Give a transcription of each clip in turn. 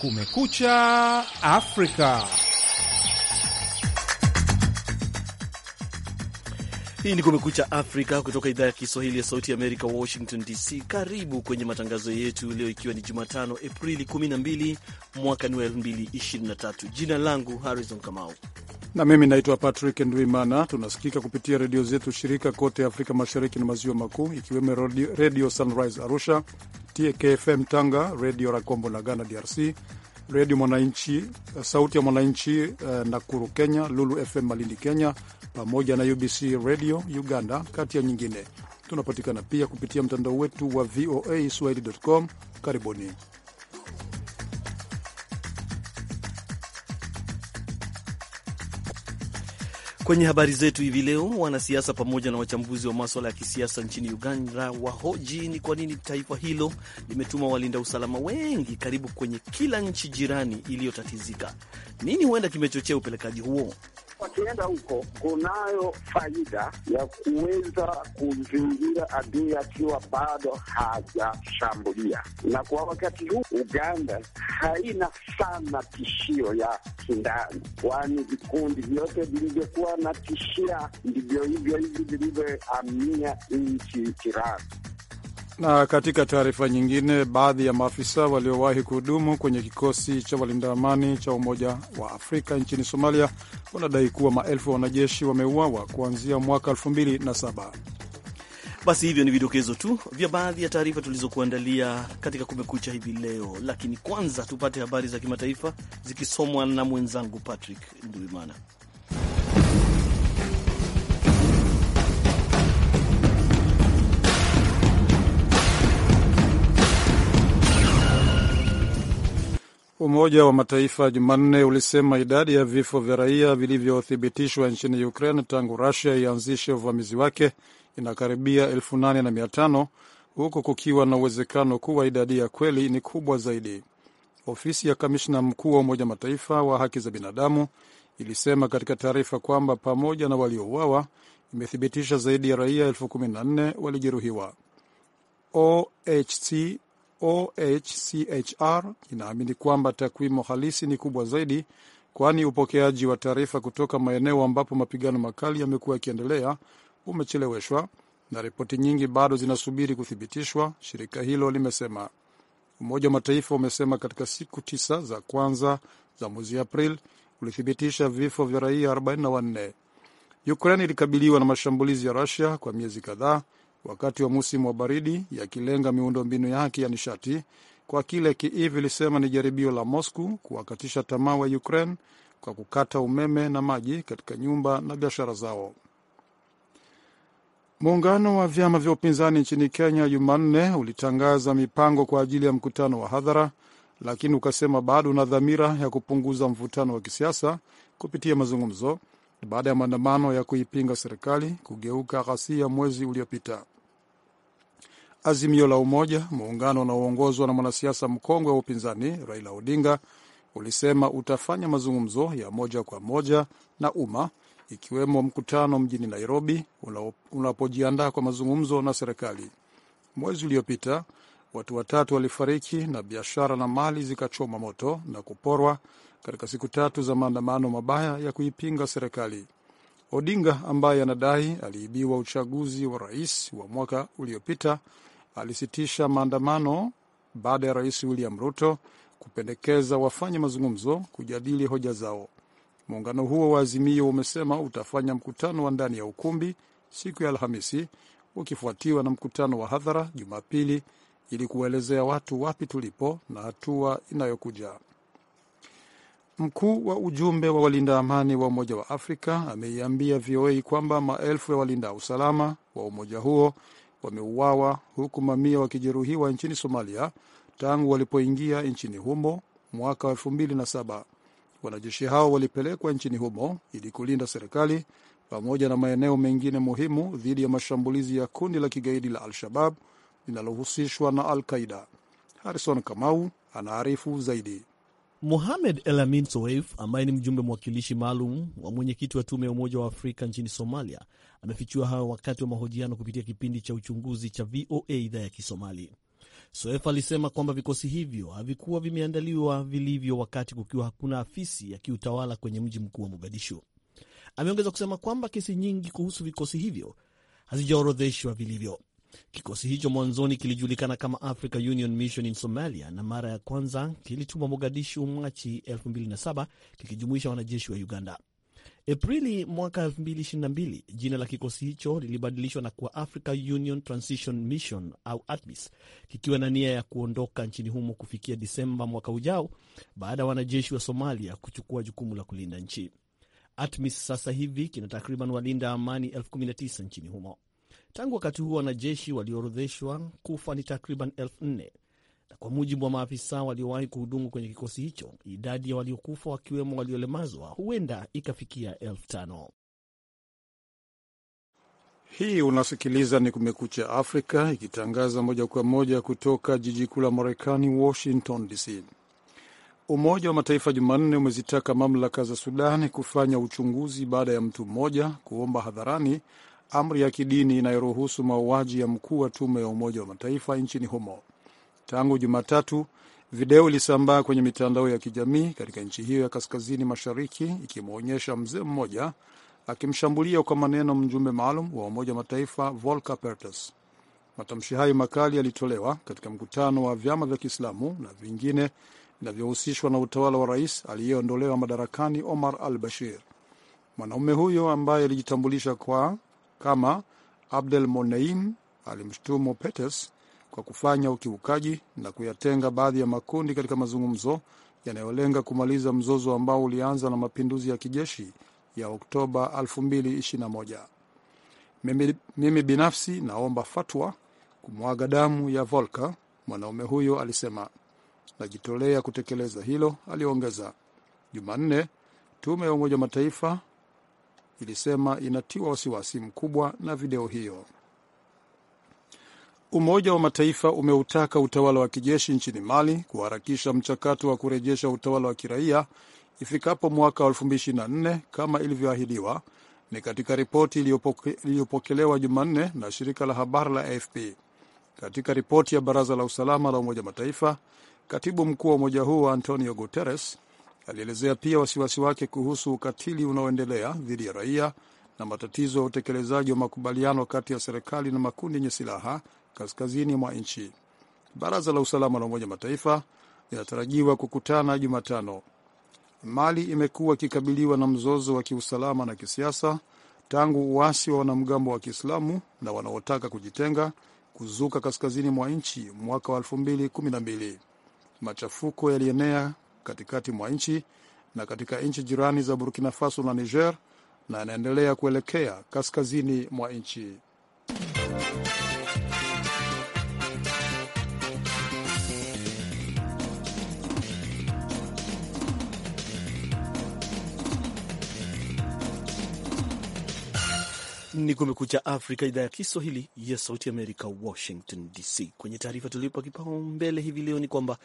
Kumekucha Afrika. Hii ni Kumekucha Afrika kutoka idhaa ya Kiswahili ya Sauti ya Amerika, Washington DC. Karibu kwenye matangazo yetu leo, ikiwa ni Jumatano Aprili 12 mwaka ni wa 2023. Jina langu Harrison Kamau na mimi naitwa Patrick Ndwimana. Tunasikika kupitia redio zetu shirika kote Afrika Mashariki na Maziwa Makuu, ikiwemo redio, Sunrise Arusha, TKFM Tanga, redio Rakombo na Ghana DRC, redio Mwananchi, sauti ya Mwananchi uh, Nakuru Kenya, Lulu FM Malindi Kenya, pamoja na UBC radio Uganda, kati ya nyingine. Tunapatikana pia kupitia mtandao wetu wa VOA swahili.com. Karibuni. Kwenye habari zetu hivi leo, wanasiasa pamoja na wachambuzi wa maswala ya kisiasa nchini Uganda wahoji ni kwa nini taifa hilo limetuma walinda usalama wengi karibu kwenye kila nchi jirani iliyotatizika. Nini huenda kimechochea upelekaji huo? wakienda huko, kunayo faida ya kuweza kuzingira adui akiwa bado hajashambulia, na kwa wakati huu Uganda haina sana tishio ya kindani, kwani vikundi vyote vilivyokuwa na tishia ndivyo hivyo hivi vilivyoamia nchi jirani. Na katika taarifa nyingine, baadhi ya maafisa waliowahi kuhudumu kwenye kikosi cha walinda amani cha Umoja wa Afrika nchini Somalia wanadai kuwa maelfu ya wanajeshi wameuawa kuanzia mwaka 2007. Basi hivyo ni vidokezo tu vya baadhi ya taarifa tulizokuandalia katika Kumekucha hivi leo, lakini kwanza tupate habari za kimataifa zikisomwa na mwenzangu Patrick Nduimana. Umoja wa Mataifa Jumanne ulisema idadi ya vifo vya raia vilivyothibitishwa nchini Ukraine tangu Rusia ianzishe uvamizi wake inakaribia elfu nane na mia tano huku kukiwa na uwezekano kuwa idadi ya kweli ni kubwa zaidi. Ofisi ya kamishna mkuu wa Umoja Mataifa wa haki za binadamu ilisema katika taarifa kwamba pamoja na waliouawa imethibitisha zaidi ya raia elfu kumi na nne walijeruhiwa. OHC OHCHR inaamini kwamba takwimu halisi ni kubwa zaidi, kwani upokeaji wa taarifa kutoka maeneo ambapo mapigano makali yamekuwa yakiendelea umecheleweshwa na ripoti nyingi bado zinasubiri kuthibitishwa, shirika hilo limesema. Umoja wa Mataifa umesema katika siku tisa za kwanza za mwezi april ulithibitisha vifo vya raia 44. Ukraine ilikabiliwa na mashambulizi ya Rusia kwa miezi kadhaa wakati wa musimu wa baridi, yakilenga miundombinu yake ya nishati kwa kile Kiev ilisema ni jaribio la Moscow kuwakatisha tamaa wa Ukraine kwa kukata umeme na maji katika nyumba na biashara zao. Muungano wa vyama vya upinzani nchini Kenya Jumanne ulitangaza mipango kwa ajili ya mkutano wa hadhara, lakini ukasema bado una dhamira ya kupunguza mvutano wa kisiasa kupitia mazungumzo, baada ya maandamano ya kuipinga serikali kugeuka ghasia mwezi uliopita. Azimio la Umoja, muungano unaoongozwa na mwanasiasa mkongwe wa upinzani Raila Odinga, ulisema utafanya mazungumzo ya moja kwa moja na umma, ikiwemo mkutano mjini Nairobi unapojiandaa kwa mazungumzo na serikali. Mwezi uliopita watu watatu walifariki na biashara na mali zikachoma moto na kuporwa katika siku tatu za maandamano mabaya ya kuipinga serikali. Odinga ambaye anadai aliibiwa uchaguzi wa rais wa mwaka uliopita alisitisha maandamano baada ya rais William Ruto kupendekeza wafanye mazungumzo kujadili hoja zao. Muungano huo wa Azimio umesema utafanya mkutano wa ndani ya ukumbi siku ya Alhamisi, ukifuatiwa na mkutano wa hadhara Jumapili ili kuwaelezea watu wapi tulipo na hatua inayokuja. Mkuu wa ujumbe wa walinda amani wa Umoja wa Afrika ameiambia VOA kwamba maelfu ya walinda usalama wa umoja huo wameuawa huku mamia wakijeruhiwa nchini Somalia tangu walipoingia nchini humo mwaka wa saba. Wanajeshi hao walipelekwa nchini humo ili kulinda serikali pamoja na maeneo mengine muhimu dhidi ya mashambulizi ya kundi la kigaidi la Al-Shabab linalohusishwa na Al Qaida. Harrison Kamau anaarifu zaidi. Mohamed Elamin Soeif ambaye ni mjumbe mwakilishi maalum wa mwenyekiti wa tume ya Umoja wa Afrika nchini Somalia amefichua hayo wakati wa mahojiano kupitia kipindi cha uchunguzi cha VOA idhaa ya Kisomali. Soef alisema kwamba vikosi hivyo havikuwa vimeandaliwa vilivyo wakati kukiwa hakuna afisi ya kiutawala kwenye mji mkuu wa Mogadishu. Ameongeza kusema kwamba kesi nyingi kuhusu vikosi hivyo hazijaorodheshwa vilivyo. Kikosi hicho mwanzoni kilijulikana kama Africa Union Mission in Somalia na mara ya kwanza kilitumwa Mogadishu Machi 2007 kikijumuisha wanajeshi wa Uganda. Aprili mwaka 2022 jina la kikosi hicho lilibadilishwa na kuwa Africa Union Transition Mission au ATMIS, kikiwa na nia ya kuondoka nchini humo kufikia Disemba mwaka ujao, baada ya wanajeshi wa Somalia kuchukua jukumu la kulinda nchi. ATMIS sasa hivi kina takriban walinda amani 19 nchini humo. Tangu wakati huo wanajeshi walioorodheshwa kufa ni takriban elfu nne na kwa mujibu wa maafisa waliowahi kuhudumu kwenye kikosi hicho, idadi ya waliokufa wakiwemo waliolemazwa huenda ikafikia elfu tano. Hii unasikiliza ni Kumekucha Afrika ikitangaza moja kwa moja kutoka jiji kuu la Marekani, Washington DC. Umoja wa Mataifa Jumanne umezitaka mamlaka za Sudan kufanya uchunguzi baada ya mtu mmoja kuomba hadharani amri ya kidini inayoruhusu mauaji ya mkuu wa tume ya Umoja wa Mataifa nchini humo. Tangu Jumatatu, video ilisambaa kwenye mitandao ya kijamii katika nchi hiyo ya kaskazini mashariki ikimwonyesha mzee mmoja akimshambulia kwa maneno mjumbe maalum wa Umoja wa Mataifa Volker Perthes. Matamshi hayo makali yalitolewa katika mkutano wa vyama vya Kiislamu na vingine vinavyohusishwa na utawala wa rais aliyeondolewa madarakani Omar al Bashir. Mwanaume huyo ambaye alijitambulisha kwa kama Abdel Moneim alimshutumu Peters kwa kufanya ukiukaji na kuyatenga baadhi ya makundi katika mazungumzo yanayolenga kumaliza mzozo ambao ulianza na mapinduzi ya kijeshi ya Oktoba 2021. Mimi, mimi binafsi naomba fatwa kumwaga damu ya Volker, mwanaume huyo alisema. Najitolea kutekeleza hilo, aliongeza. Jumanne, tume ya Umoja wa Mataifa ilisema inatiwa wasiwasi mkubwa na video hiyo. Umoja wa Mataifa umeutaka utawala wa kijeshi nchini Mali kuharakisha mchakato wa kurejesha utawala wa kiraia ifikapo mwaka wa 2024 kama ilivyoahidiwa. Ni katika ripoti iliyopokelewa Jumanne na shirika la habari la AFP. Katika ripoti ya Baraza la Usalama la Umoja Mataifa, katibu mkuu wa umoja huo Antonio Guterres Alielezea pia wasiwasi wake kuhusu ukatili unaoendelea dhidi ya raia na matatizo ya utekelezaji wa makubaliano kati ya serikali na makundi yenye silaha kaskazini mwa nchi. Baraza la usalama la Umoja Mataifa linatarajiwa kukutana Jumatano. Mali imekuwa ikikabiliwa na mzozo wa kiusalama na kisiasa tangu uasi wa wanamgambo wa Kiislamu na wanaotaka kujitenga kuzuka kaskazini mwa nchi mwaka wa 2012. Machafuko yalienea katikati mwa nchi na katika nchi jirani za Burkina Faso na Niger na anaendelea kuelekea kaskazini mwa nchi. Ni Kumekucha Afrika, idhaa ya Kiswahili ya Sauti Amerika, Washington DC. Kwenye taarifa tuliopa kipaumbele hivi leo ni kwamba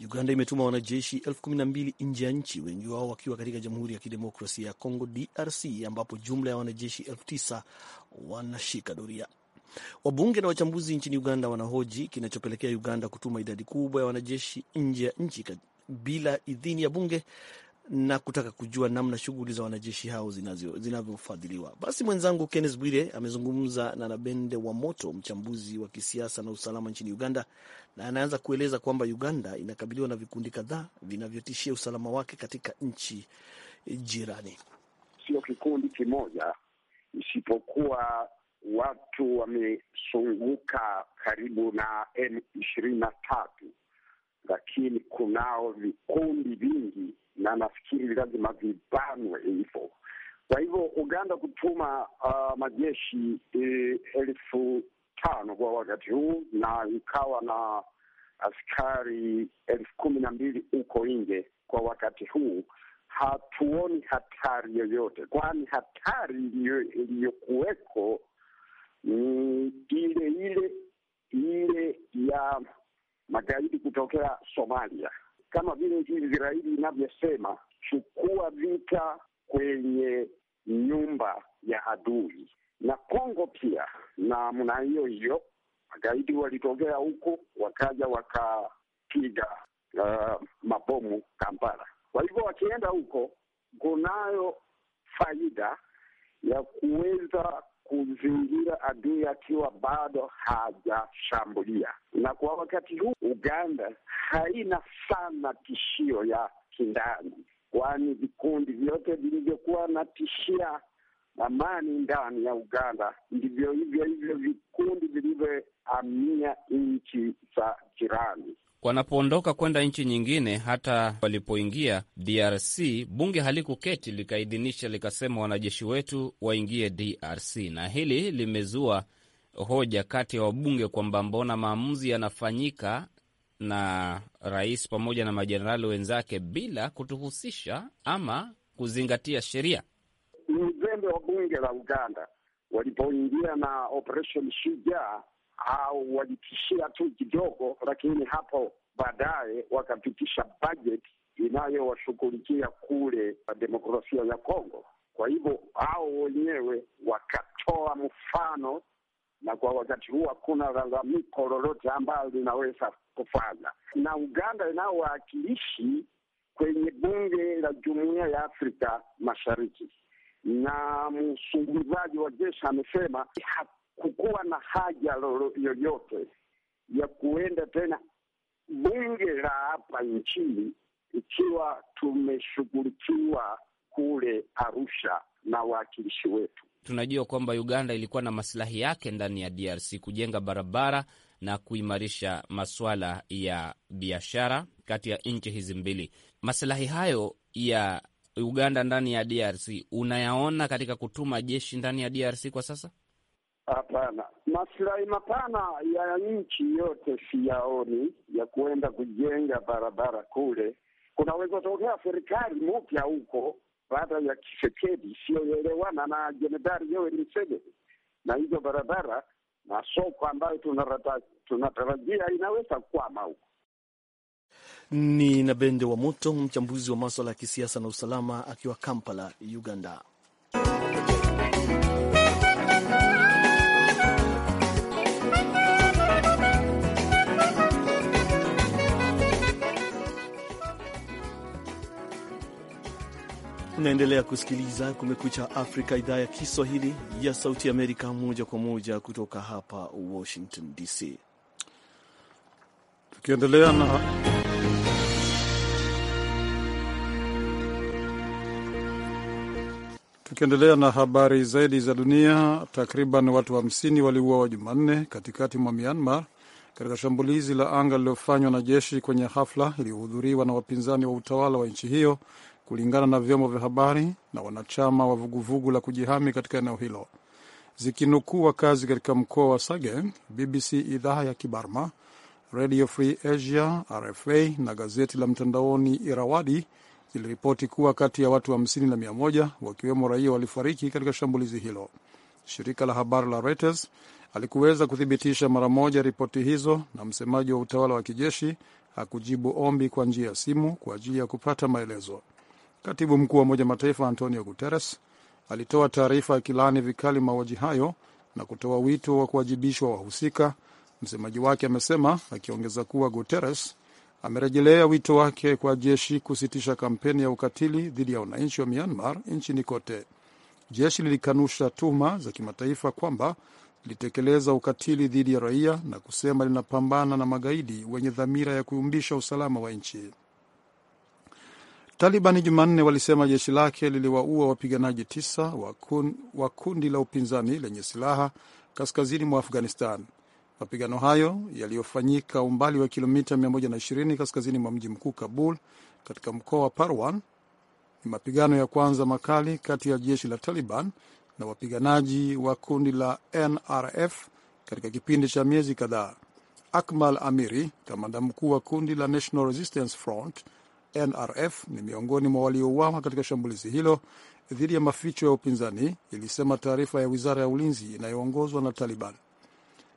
Uganda imetuma wanajeshi elfu kumi na mbili nje ya nchi, wengi wao wakiwa katika Jamhuri ya Kidemokrasia ya Kongo, DRC, ambapo jumla ya wanajeshi elfu tisa wanashika doria. Wabunge na wachambuzi nchini Uganda wanahoji kinachopelekea Uganda kutuma idadi kubwa ya wanajeshi nje ya nchi bila idhini ya bunge na kutaka kujua namna shughuli za wanajeshi hao zinavyofadhiliwa. Basi mwenzangu Kenneth Bwire amezungumza na Nabende wa Moto, mchambuzi wa kisiasa na usalama nchini Uganda, na anaanza kueleza kwamba Uganda inakabiliwa na vikundi kadhaa vinavyotishia usalama wake katika nchi jirani. Sio kikundi kimoja, isipokuwa watu wamesunguka karibu na M ishirini na tatu, lakini kunao vikundi vingi na nafikiri lazima vipanwe hivyo. Kwa hivyo Uganda kutuma uh, majeshi eh, elfu tano kwa wakati huu na ikawa na askari elfu kumi na mbili huko nje kwa wakati huu, hatuoni hatari yoyote, kwani hatari iliyokuweko ni ile ile ile ya magaidi kutokea Somalia kama vile nchi Israeli inavyosema, chukua vita kwenye nyumba ya adui. Na Kongo pia namna hiyo hiyo, magaidi walitokea huko wakaja wakapiga uh, mabomu Kampala. Kwa hivyo wakienda huko kunayo faida ya kuweza kuzingira adui akiwa bado hajashambulia. Na kwa wakati huu Uganda haina sana tishio ya kindani, kwani vikundi vyote vilivyokuwa na tishia amani ndani ya Uganda ndivyo hivyo hivyo vikundi vilivyohamia nchi za jirani wanapoondoka kwenda nchi nyingine. Hata walipoingia DRC, bunge halikuketi likaidhinisha, likasema wanajeshi wetu waingie DRC, na hili limezua hoja kati ya wabunge kwamba mbona maamuzi yanafanyika na rais pamoja na majenerali wenzake bila kutuhusisha ama kuzingatia sheria. Ni uzembe wa bunge la Uganda walipoingia na Operation Shujaa au walitishia tu kidogo, lakini hapo baadaye wakapitisha bajeti inayowashughulikia kule demokrasia ya Kongo. Kwa hivyo hao wenyewe wakatoa mfano, na kwa wakati huu hakuna lalamiko lolote ambalo linaweza kufanya. Na Uganda inaowakilishi kwenye bunge la jumuiya ya Afrika Mashariki, na msungumzaji wa jeshi amesema kukuwa na haja yoyote ya kuenda tena bunge la hapa nchini, ikiwa tumeshughulikiwa kule Arusha na wawakilishi wetu. Tunajua kwamba Uganda ilikuwa na masilahi yake ndani ya DRC kujenga barabara na kuimarisha masuala ya biashara kati ya nchi hizi mbili. Masilahi hayo ya Uganda ndani ya DRC unayaona katika kutuma jeshi ndani ya DRC kwa sasa? Hapana, masilahi mapana ya nchi yote siyaoni, ya kuenda kujenga barabara kule. Kunaweza tokea serikali mpya huko baada ya Kisekedi isiyoelewana na jemedari Yoweri Museveni, na hizo barabara na soko ambayo tunatarajia inaweza kukwama huko. Ni Nabende wa Moto, mchambuzi wa maswala ya kisiasa na usalama, akiwa Kampala, Uganda. Unaendelea kusikiliza Kumekucha Afrika, idhaa ya Kiswahili ya Sauti Amerika, moja kwa moja kutoka hapa Washington DC. Tukiendelea na tukiendelea na habari zaidi za dunia, takriban watu 50 wa waliuawa Jumanne katikati mwa Myanmar katika shambulizi la anga lililofanywa na jeshi kwenye hafla iliyohudhuriwa na wapinzani wa utawala wa nchi hiyo kulingana na vyombo vya habari na wanachama wa vuguvugu la kujihami katika eneo hilo. Zikinukuu wakazi katika mkoa wa Sageng, BBC idhaa ya Kibarma, Radio Free Asia, RFA na gazeti la mtandaoni Irawadi ziliripoti kuwa kati ya watu 50 na 100 wakiwemo raia walifariki katika shambulizi hilo. Shirika la habari la Reuters alikuweza kuthibitisha mara moja ripoti hizo, na msemaji wa utawala wa kijeshi hakujibu ombi kwa njia ya simu kwa ajili ya kupata maelezo. Katibu mkuu wa Umoja Mataifa Antonio Guterres alitoa taarifa ya vikali mauaji hayo na kutoa wito wa kuwajibishwa wahusika, msemaji wake amesema, akiongeza kuwa Guterres amerejelea wito wake kwa jeshi kusitisha kampeni ya ukatili dhidi ya wananchi wa Myanmar nchini kote. Jeshi lilikanusha tuhuma za kimataifa kwamba lilitekeleza ukatili dhidi ya raia na kusema linapambana na magaidi wenye dhamira ya kuyumbisha usalama wa nchi. Talibani Jumanne walisema jeshi lake liliwaua wapiganaji tisa wa kundi la upinzani lenye silaha kaskazini mwa Afghanistan. Mapigano hayo yaliyofanyika umbali wa kilomita 120 kaskazini mwa mji mkuu Kabul, katika mkoa wa Parwan, ni mapigano ya kwanza makali kati ya jeshi la Taliban na wapiganaji wa kundi la NRF katika kipindi cha miezi kadhaa. Akmal Amiri, kamanda mkuu wa kundi la National Resistance Front NRF ni miongoni mwa waliouawa katika shambulizi hilo dhidi ya maficho ya upinzani, ilisema taarifa ya wizara ya ulinzi inayoongozwa na Taliban.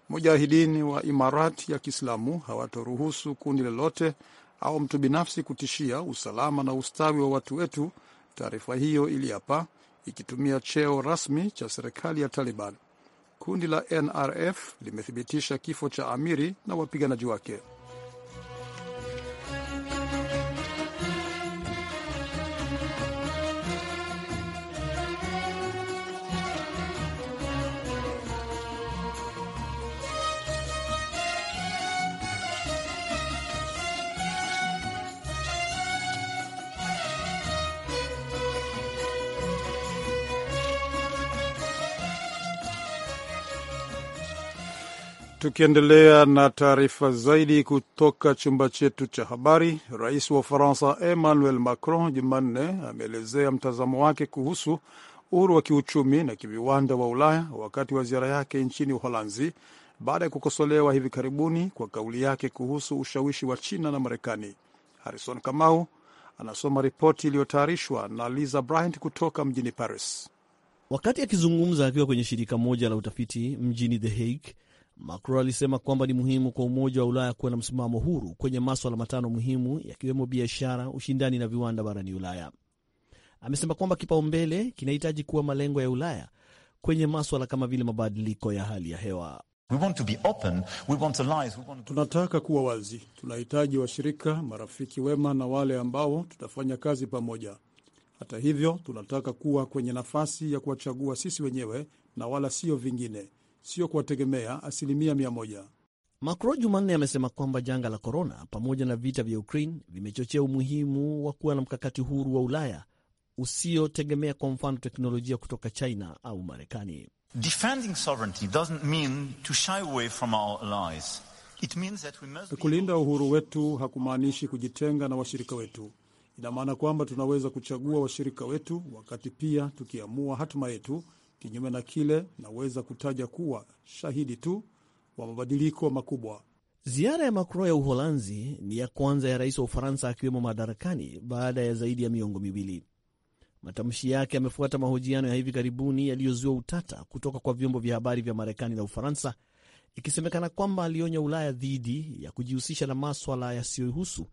Mujahidini wa imarat ya Kiislamu hawatoruhusu kundi lolote au mtu binafsi kutishia usalama na ustawi wa watu wetu, taarifa hiyo iliapa, ikitumia cheo rasmi cha serikali ya Taliban. Kundi la NRF limethibitisha kifo cha amiri na wapiganaji wake. Tukiendelea na taarifa zaidi kutoka chumba chetu cha habari, rais wa Ufaransa Emmanuel Macron Jumanne ameelezea mtazamo wake kuhusu uhuru wa kiuchumi na kiviwanda wa Ulaya wakati wa ziara yake nchini Uholanzi, baada ya kukosolewa hivi karibuni kwa kauli yake kuhusu ushawishi wa China na Marekani. Harrison Kamau anasoma ripoti iliyotayarishwa na Lisa Bryant kutoka mjini Paris. Wakati akizungumza akiwa kwenye shirika moja la utafiti mjini The Hague, Macron alisema kwamba ni muhimu kwa Umoja wa Ulaya kuwa na msimamo huru kwenye maswala matano muhimu yakiwemo biashara, ushindani na viwanda barani Ulaya. Amesema kwamba kipaumbele kinahitaji kuwa malengo ya Ulaya kwenye maswala kama vile mabadiliko ya hali ya hewa. Tunataka kuwa wazi, tunahitaji washirika, marafiki wema na wale ambao tutafanya kazi pamoja. Hata hivyo, tunataka kuwa kwenye nafasi ya kuwachagua sisi wenyewe na wala sio vingine sio kuwategemea asilimia mia moja. Macron Jumanne amesema kwamba janga la korona pamoja na vita vya Ukraine vimechochea umuhimu wa kuwa na mkakati huru wa Ulaya usiotegemea kwa mfano teknolojia kutoka China au Marekani. Kulinda uhuru wetu hakumaanishi kujitenga na washirika wetu. Ina maana kwamba tunaweza kuchagua washirika wetu, wakati pia tukiamua hatima yetu Kinyume na kile, naweza kutaja kuwa shahidi tu wa mabadiliko makubwa. Ziara ya Macron ya Uholanzi ni ya kwanza ya rais wa Ufaransa akiwemo madarakani baada ya zaidi ya miongo miwili. Matamshi yake yamefuata mahojiano ya hivi karibuni yaliyozua utata kutoka kwa vyombo vya habari vya Marekani na Ufaransa, ikisemekana kwamba alionya Ulaya dhidi ya kujihusisha na maswala yasiyohusu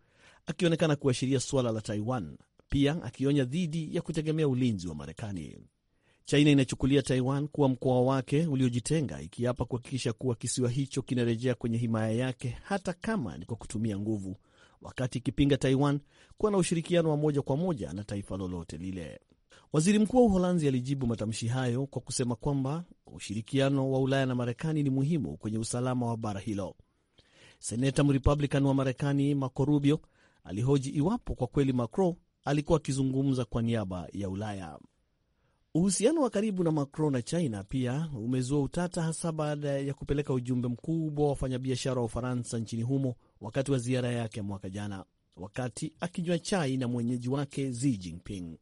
akionekana kuashiria suala la Taiwan, pia akionya dhidi ya kutegemea ulinzi wa Marekani. China inachukulia Taiwan kuwa mkoa wake uliojitenga, ikiapa kuhakikisha kuwa kisiwa hicho kinarejea kwenye himaya yake, hata kama ni kwa kutumia nguvu, wakati ikipinga Taiwan kuwa na ushirikiano wa moja kwa moja na taifa lolote lile. Waziri Mkuu wa Uholanzi alijibu matamshi hayo kwa kusema kwamba ushirikiano wa Ulaya na Marekani ni muhimu kwenye usalama wa bara hilo. Seneta Mrepublican wa Marekani Marco Rubio alihoji iwapo kwa kweli Macron alikuwa akizungumza kwa niaba ya Ulaya. Uhusiano wa karibu na Macron na China pia umezua utata, hasa baada ya kupeleka ujumbe mkubwa wa wafanyabiashara wa Ufaransa nchini humo wakati wa ziara yake mwaka jana, wakati akinywa chai na mwenyeji wake Xi Jinping.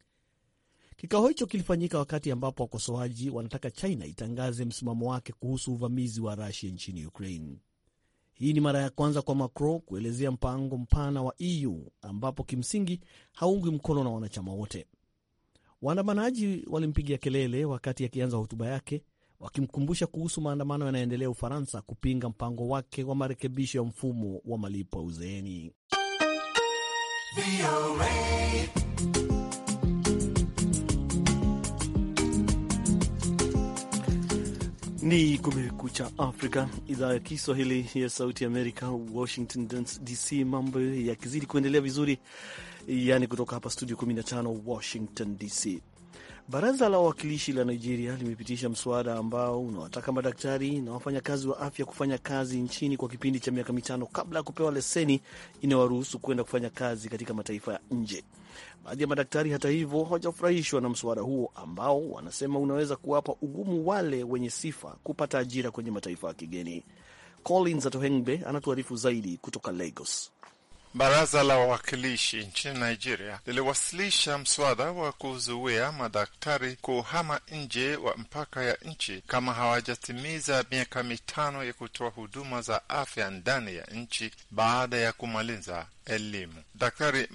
Kikao hicho kilifanyika wakati ambapo wakosoaji wanataka China itangaze msimamo wake kuhusu uvamizi wa Rusia nchini Ukraine. Hii ni mara ya kwanza kwa Macron kuelezea mpango mpana wa EU ambapo kimsingi haungwi mkono na wanachama wote. Waandamanaji walimpigia kelele wakati akianza hotuba yake, wakimkumbusha kuhusu maandamano yanayoendelea Ufaransa kupinga mpango wake wa marekebisho ya mfumo wa malipo ya uzeeni. Ni Kumekucha Afrika, idhaa ya Kiswahili ya Sauti Amerika, Washington DC. Mambo yakizidi kuendelea vizuri, yani kutoka hapa studio 15 Washington DC. Baraza la Wawakilishi la Nigeria limepitisha mswada ambao unawataka madaktari na wafanyakazi wa afya kufanya kazi nchini kwa kipindi cha miaka mitano kabla ya kupewa leseni inayowaruhusu kwenda kufanya kazi katika mataifa ya nje. Baadhi ya madaktari hata hivyo hawajafurahishwa na mswada huo ambao wanasema unaweza kuwapa ugumu wale wenye sifa kupata ajira kwenye mataifa ya kigeni. Collins Atohengbe anatuarifu zaidi kutoka Lagos. Baraza la Wawakilishi nchini Nigeria liliwasilisha mswada wa kuzuia madaktari kuhama nje wa mpaka ya nchi kama hawajatimiza miaka mitano ya kutoa huduma za afya ndani ya nchi baada ya kumaliza elimu. Daktari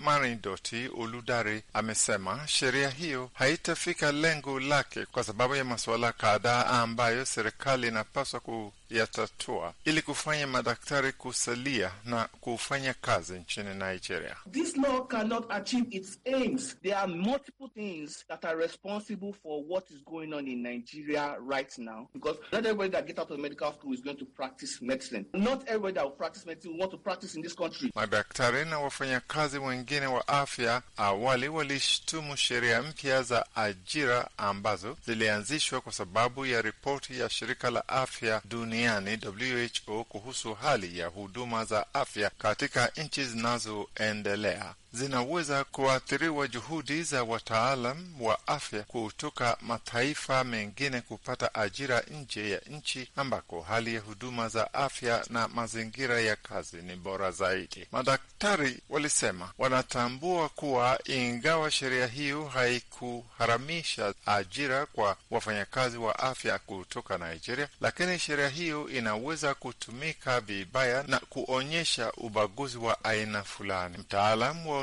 amesema sheria hiyo haitafika lengo lake kwa sababu ya masuala kadhaa ambayo serikali inapaswa kuyatatua ili kufanya madaktari kusalia na kufanya kazi nchini Nigeria. This law cannot achieve its aims. There are multiple things that are responsible for what is going on in Nigeria right now because not everybody that gets out of medical school is going to practice medicine. Not everybody that will practice medicine will want to practice in this country. Madaktari na wafanyakazi wengine wa afya awali walishtumu sheria mpya za ajira ambazo zilianzishwa kwa sababu ya ripoti ya shirika la afya duniani WHO kuhusu hali ya huduma za afya katika nchi zinazoendelea zinaweza kuathiriwa juhudi za wataalam wa afya kutoka mataifa mengine kupata ajira nje ya nchi ambako hali ya huduma za afya na mazingira ya kazi ni bora zaidi. Madaktari walisema wanatambua kuwa ingawa sheria hiyo haikuharamisha ajira kwa wafanyakazi wa afya kutoka Nigeria, lakini sheria hiyo inaweza kutumika vibaya na kuonyesha ubaguzi wa aina fulani. Mtaalam wa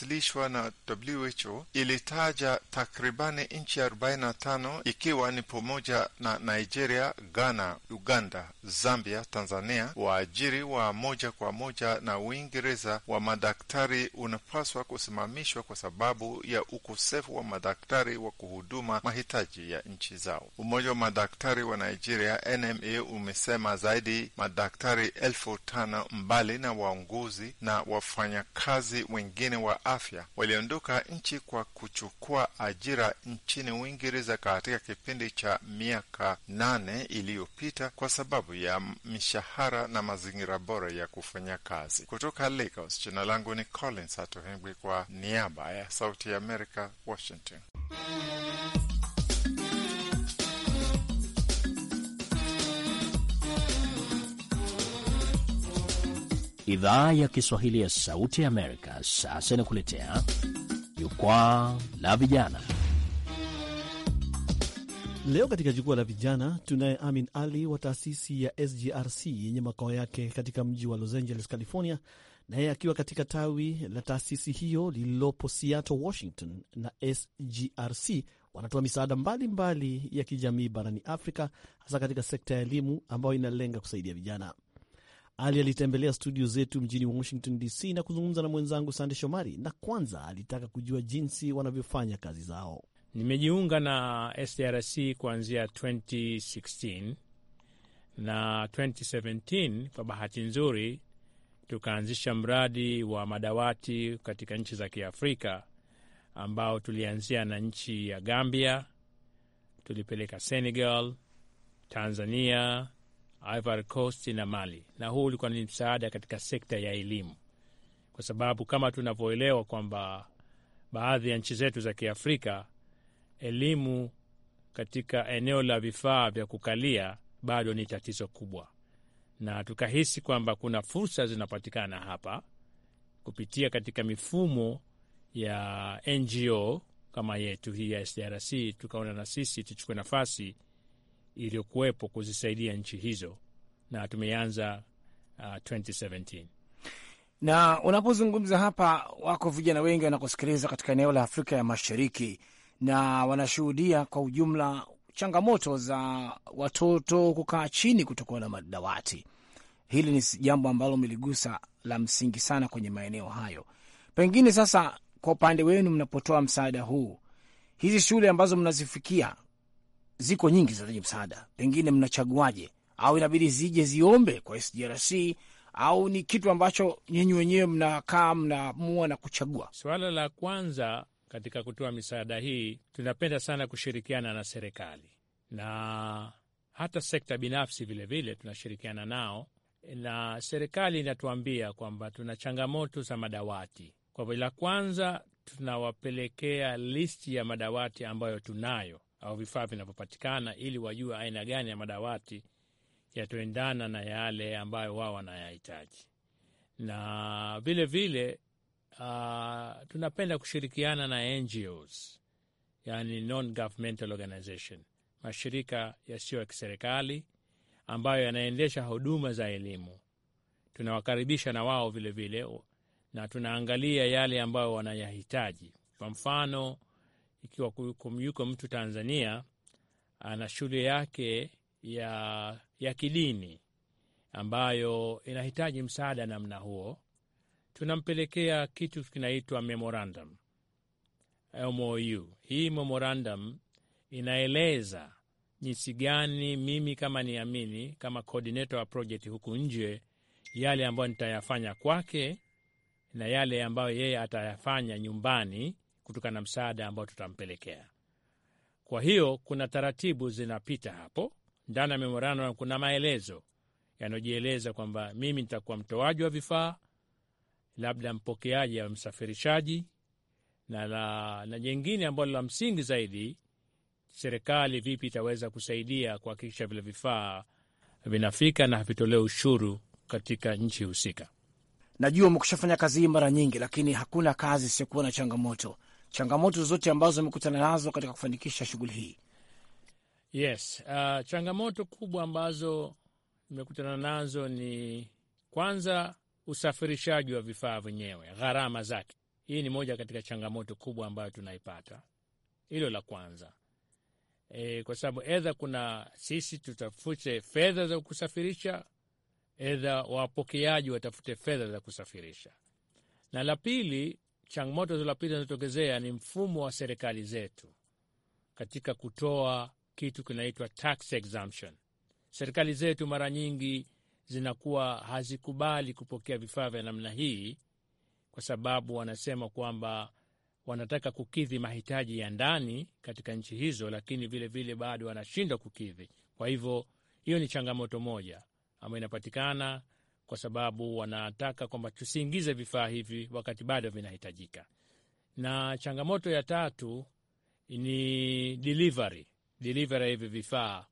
iliyowasilishwa na WHO ilitaja takribani nchi 45 ikiwa ni pamoja na Nigeria, Ghana, Uganda, Zambia, Tanzania. Waajiri wa moja kwa moja na Uingereza wa madaktari unapaswa kusimamishwa kwa sababu ya ukosefu wa madaktari wa kuhuduma mahitaji ya nchi zao. Umoja wa madaktari wa Nigeria NMA umesema zaidi madaktari elfu tano mbali na waunguzi na wafanyakazi wengine wa afya waliondoka nchi kwa kuchukua ajira nchini Uingereza katika kipindi cha miaka nane iliyopita kwa sababu ya mishahara na mazingira bora ya kufanya kazi. Kutoka Lagos, jina langu ni Collins Hatohengwi kwa niaba ya Sauti ya Amerika, Washington. Idhaa ya Kiswahili ya Sauti ya Amerika sasa inakuletea jukwaa la vijana. Leo katika jukwaa la vijana tunaye Amin Ali wa taasisi ya SGRC yenye makao yake katika mji wa Los Angeles, California, naye akiwa katika tawi la taasisi hiyo lililopo Seattle, Washington. Na SGRC wanatoa misaada mbalimbali mbali ya kijamii barani Afrika, hasa katika sekta ya elimu ambayo inalenga kusaidia vijana. Ali alitembelea studio zetu mjini Washington DC na kuzungumza na mwenzangu Sande Shomari, na kwanza alitaka kujua jinsi wanavyofanya kazi zao. Nimejiunga na sdrc kuanzia 2016 na 2017, kwa bahati nzuri tukaanzisha mradi wa madawati katika nchi za Kiafrika ambao tulianzia na nchi ya Gambia, tulipeleka Senegal, Tanzania, Ivory Coast na Mali, na huu ulikuwa ni msaada katika sekta ya elimu, kwa sababu kama tunavyoelewa kwamba baadhi ya nchi zetu za Kiafrika elimu katika eneo la vifaa vya kukalia bado ni tatizo kubwa, na tukahisi kwamba kuna fursa zinapatikana hapa kupitia katika mifumo ya NGO kama yetu hii ya SDRC, tukaona na sisi tuchukue nafasi iliyokuwepo kuzisaidia nchi hizo, na tumeanza uh, 2017 na unapozungumza hapa, wako vijana wengi wanakusikiliza katika eneo la Afrika ya Mashariki na wanashuhudia kwa ujumla changamoto za watoto kukaa chini kutokuwa na madawati. Hili ni jambo ambalo mligusa la msingi sana kwenye maeneo hayo. Pengine sasa, kwa upande wenu, mnapotoa msaada huu, hizi shule ambazo mnazifikia ziko nyingi zinahitaji msaada, pengine mnachaguaje? Au inabidi zije ziombe kwa SDRC au ni kitu ambacho nyinyi wenyewe mnakaa mnaamua na kuchagua? Suala la kwanza katika kutoa misaada hii, tunapenda sana kushirikiana na serikali na hata sekta binafsi vilevile vile, tunashirikiana nao na serikali inatuambia kwamba tuna changamoto za madawati. Kwa hivyo, la kwanza tunawapelekea listi ya madawati ambayo tunayo au vifaa vinavyopatikana ili wajue aina gani ya madawati yatoendana na yale ambayo wao wanayahitaji. Na vilevile uh, ah, tunapenda kushirikiana na NGOs, yani non governmental organization, mashirika yasiyo ya kiserikali ambayo yanaendesha huduma za elimu. Tunawakaribisha na wao vilevile vile, na tunaangalia yale ambayo wanayahitaji kwa mfano ikiwa kumyuko mtu Tanzania ana shule yake ya, ya kidini ambayo inahitaji msaada namna huo, tunampelekea kitu kinaitwa memorandum MOU. Hii memorandum inaeleza jinsi gani mimi kama niamini kama coordinator wa project huku nje, yale ambayo nitayafanya kwake na yale ambayo yeye atayafanya nyumbani kutokana na msaada ambao tutampelekea. Kwa hiyo kuna taratibu zinapita hapo ndani ya memorandum, kuna maelezo yanayojieleza kwamba mimi nitakuwa mtoaji wa vifaa, labda mpokeaji au msafirishaji, na, la, na jengine ambalo la msingi zaidi, serikali vipi itaweza kusaidia kuhakikisha vile vifaa vinafika na havitolewe ushuru katika nchi husika. Najua umekusha fanya kazi hii mara nyingi, lakini hakuna kazi isiyokuwa na changamoto changamoto zote ambazo amekutana nazo katika kufanikisha shughuli hii? Yes, uh, changamoto kubwa ambazo imekutana nazo ni kwanza usafirishaji wa vifaa vyenyewe, gharama zake. Hii ni moja katika changamoto kubwa ambayo tunaipata, hilo la kwanza e, kwa sababu edha kuna sisi tutafute fedha za kusafirisha, edha wapokeaji watafute fedha za kusafirisha, na la pili Changamoto zilizopita zinazotokezea ni mfumo wa serikali zetu katika kutoa kitu kinaitwa tax exemption. Serikali zetu mara nyingi zinakuwa hazikubali kupokea vifaa vya namna hii, kwa sababu wanasema kwamba wanataka kukidhi mahitaji ya ndani katika nchi hizo, lakini vilevile bado wanashindwa kukidhi. Kwa hivyo hiyo ni changamoto moja ambayo inapatikana kwa sababu wanataka kwamba tusiingize vifaa hivi wakati bado vinahitajika. Na changamoto ya tatu ni delivery, delivery hivi vifaa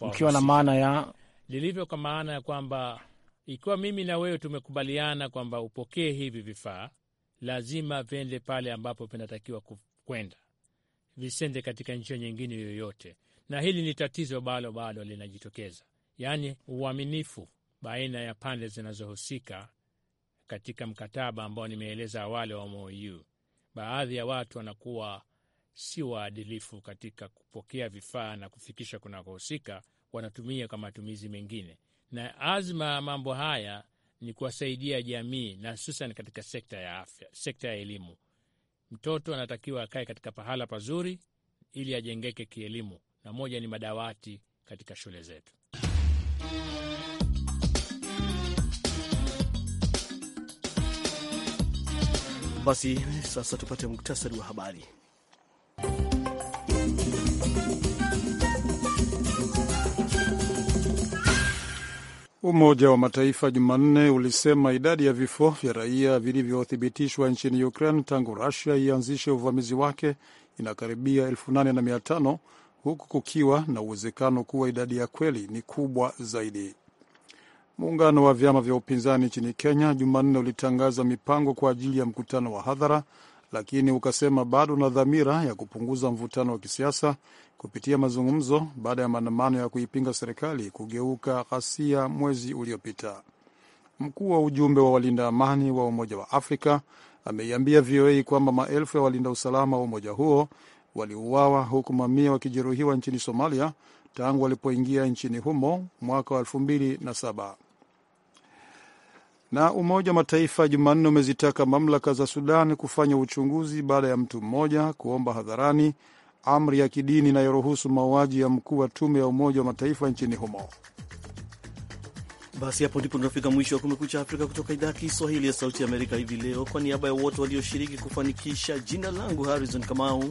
ukiwa na maana ya lilivyo, kwa maana ya kwamba ikiwa mimi na wewe tumekubaliana kwamba upokee hivi vifaa, lazima vende pale ambapo vinatakiwa kwenda, visende katika njia nyingine yoyote. Na hili ni tatizo balo bado linajitokeza, yaani uaminifu baina ya pande zinazohusika katika mkataba ambao nimeeleza awali wa MOU. Baadhi ya watu wanakuwa si waadilifu katika kupokea vifaa na kufikisha kunakohusika, wanatumia kwa matumizi mengine, na azma ya mambo haya ni kuwasaidia jamii na hususan katika sekta ya afya, sekta ya elimu. Mtoto anatakiwa akae katika pahala pazuri ili ajengeke kielimu, na moja ni madawati katika shule zetu. Basi sasa tupate muktasari wa habari. Umoja wa Mataifa Jumanne ulisema idadi ya vifo vya raia vilivyothibitishwa nchini Ukraine tangu Rusia ianzishe uvamizi wake inakaribia 8500 huku kukiwa na uwezekano kuwa idadi ya kweli ni kubwa zaidi. Muungano wa vyama vya upinzani nchini Kenya Jumanne ulitangaza mipango kwa ajili ya mkutano wa hadhara, lakini ukasema bado na dhamira ya kupunguza mvutano wa kisiasa kupitia mazungumzo baada ya maandamano ya kuipinga serikali kugeuka ghasia mwezi uliopita. Mkuu wa ujumbe wa walinda amani wa Umoja wa Afrika ameiambia VOA kwamba maelfu ya walinda usalama wa umoja huo waliuawa huku mamia wakijeruhiwa nchini Somalia tangu walipoingia nchini humo mwaka wa 27 na Umoja wa Mataifa Jumanne umezitaka mamlaka za Sudan kufanya uchunguzi baada ya mtu mmoja kuomba hadharani amri ya kidini inayoruhusu mauaji ya mkuu wa tume ya Umoja wa Mataifa nchini humo. Basi hapo ndipo tunafika mwisho wa Kumekucha Afrika kutoka idhaa ya Kiswahili ya Sauti ya Amerika hivi leo. Kwa niaba ya wote walioshiriki kufanikisha, jina langu Harrison Kamau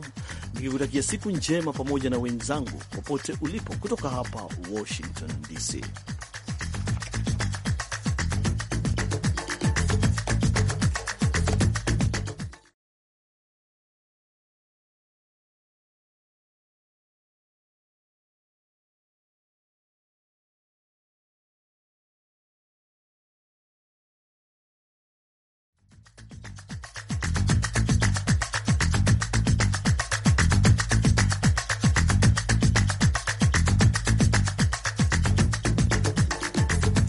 nikikutakia siku njema pamoja na wenzangu popote ulipo, kutoka hapa Washington DC.